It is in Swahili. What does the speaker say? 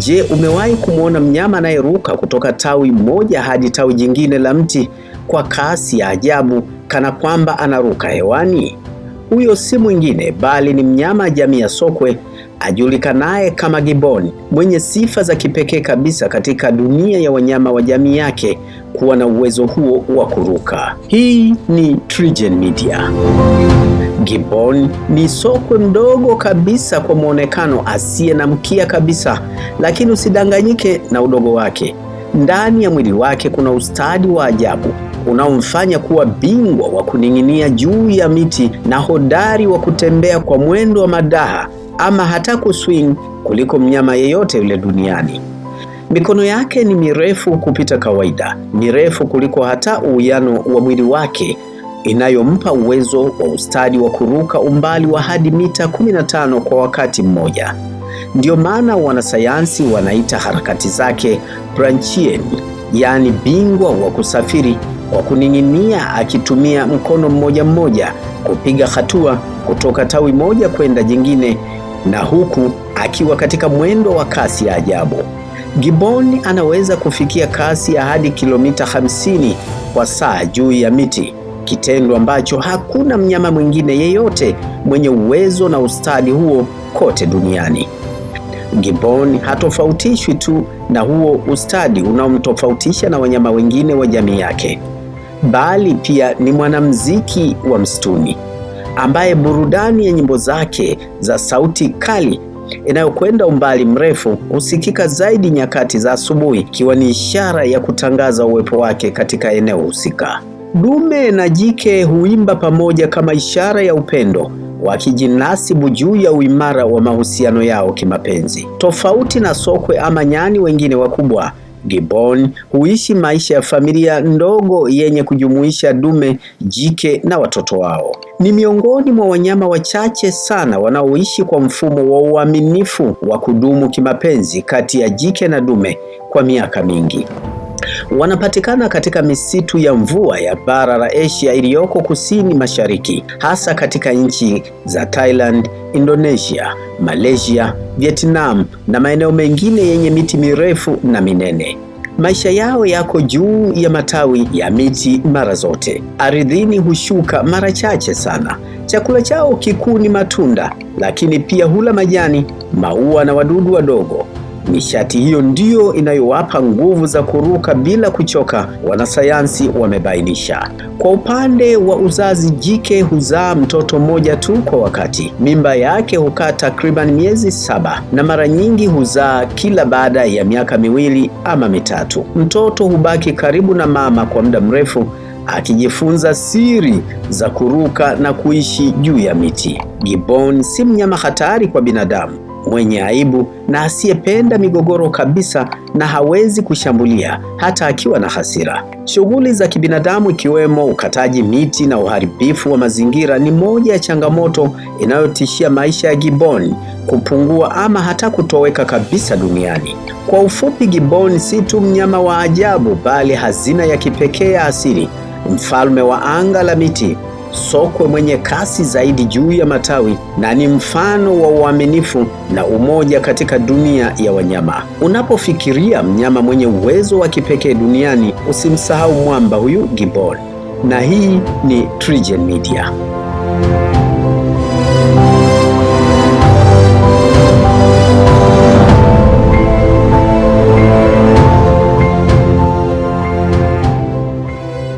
Je, umewahi kumwona mnyama anayeruka kutoka tawi moja hadi tawi jingine la mti kwa kasi ya ajabu kana kwamba anaruka hewani? Huyo si mwingine bali ni mnyama jamii ya sokwe ajulikanaye kama giboni, mwenye sifa za kipekee kabisa katika dunia ya wanyama wa jamii yake kuwa na uwezo huo wa kuruka. Hii ni TriGen Media. Gibbon ni sokwe mdogo kabisa kwa mwonekano, asiye na mkia kabisa, lakini usidanganyike na udogo wake. Ndani ya mwili wake kuna ustadi wa ajabu unaomfanya kuwa bingwa wa kuning'inia juu ya miti na hodari wa kutembea kwa mwendo wa madaha ama hata kuswing kuliko mnyama yeyote yule duniani. Mikono yake ni mirefu kupita kawaida, mirefu kuliko hata uwiano wa mwili wake inayompa uwezo wa ustadi wa kuruka umbali wa hadi mita 15 kwa wakati mmoja. Ndiyo maana wanasayansi wanaita harakati zake branchien, yaani bingwa wa kusafiri kwa kuning'inia akitumia mkono mmoja mmoja kupiga hatua kutoka tawi moja kwenda jingine na huku akiwa katika mwendo wa kasi ya ajabu. Gibbon anaweza kufikia kasi ya hadi kilomita 50 kwa saa juu ya miti kitendo ambacho hakuna mnyama mwingine yeyote mwenye uwezo na ustadi huo kote duniani. Gibbon hatofautishwi tu na huo ustadi unaomtofautisha na wanyama wengine wa jamii yake, bali pia ni mwanamuziki wa msituni ambaye burudani ya nyimbo zake za sauti kali inayokwenda umbali mrefu husikika zaidi nyakati za asubuhi, ikiwa ni ishara ya kutangaza uwepo wake katika eneo husika. Dume na jike huimba pamoja kama ishara ya upendo, wakijinasibu juu ya uimara wa mahusiano yao kimapenzi. Tofauti na sokwe ama nyani wengine wakubwa, Gibbon huishi maisha ya familia ndogo yenye kujumuisha dume, jike na watoto wao. Ni miongoni mwa wanyama wachache sana wanaoishi kwa mfumo wa uaminifu wa kudumu kimapenzi kati ya jike na dume kwa miaka mingi. Wanapatikana katika misitu ya mvua ya bara la Asia iliyoko kusini mashariki, hasa katika nchi za Thailand, Indonesia, Malaysia, Vietnam na maeneo mengine yenye miti mirefu na minene. Maisha yao yako juu ya matawi ya miti mara zote, ardhini hushuka mara chache sana. Chakula chao kikuu ni matunda, lakini pia hula majani, maua na wadudu wadogo. Nishati hiyo ndiyo inayowapa nguvu za kuruka bila kuchoka, wanasayansi wamebainisha. Kwa upande wa uzazi, jike huzaa mtoto mmoja tu kwa wakati. Mimba yake hukaa takriban miezi saba na mara nyingi huzaa kila baada ya miaka miwili ama mitatu. Mtoto hubaki karibu na mama kwa muda mrefu akijifunza siri za kuruka na kuishi juu ya miti. Gibbon si mnyama hatari kwa binadamu mwenye aibu na asiyependa migogoro kabisa na hawezi kushambulia hata akiwa na hasira. Shughuli za kibinadamu ikiwemo ukataji miti na uharibifu wa mazingira ni moja ya changamoto inayotishia maisha ya Gibbon kupungua ama hata kutoweka kabisa duniani. Kwa ufupi, Gibbon si tu mnyama wa ajabu bali hazina ya kipekee ya asili, mfalme wa anga la miti sokwe mwenye kasi zaidi juu ya matawi na ni mfano wa uaminifu na umoja katika dunia ya wanyama. Unapofikiria mnyama mwenye uwezo wa kipekee duniani, usimsahau mwamba huyu Gibbon. Na hii ni TriGen Media.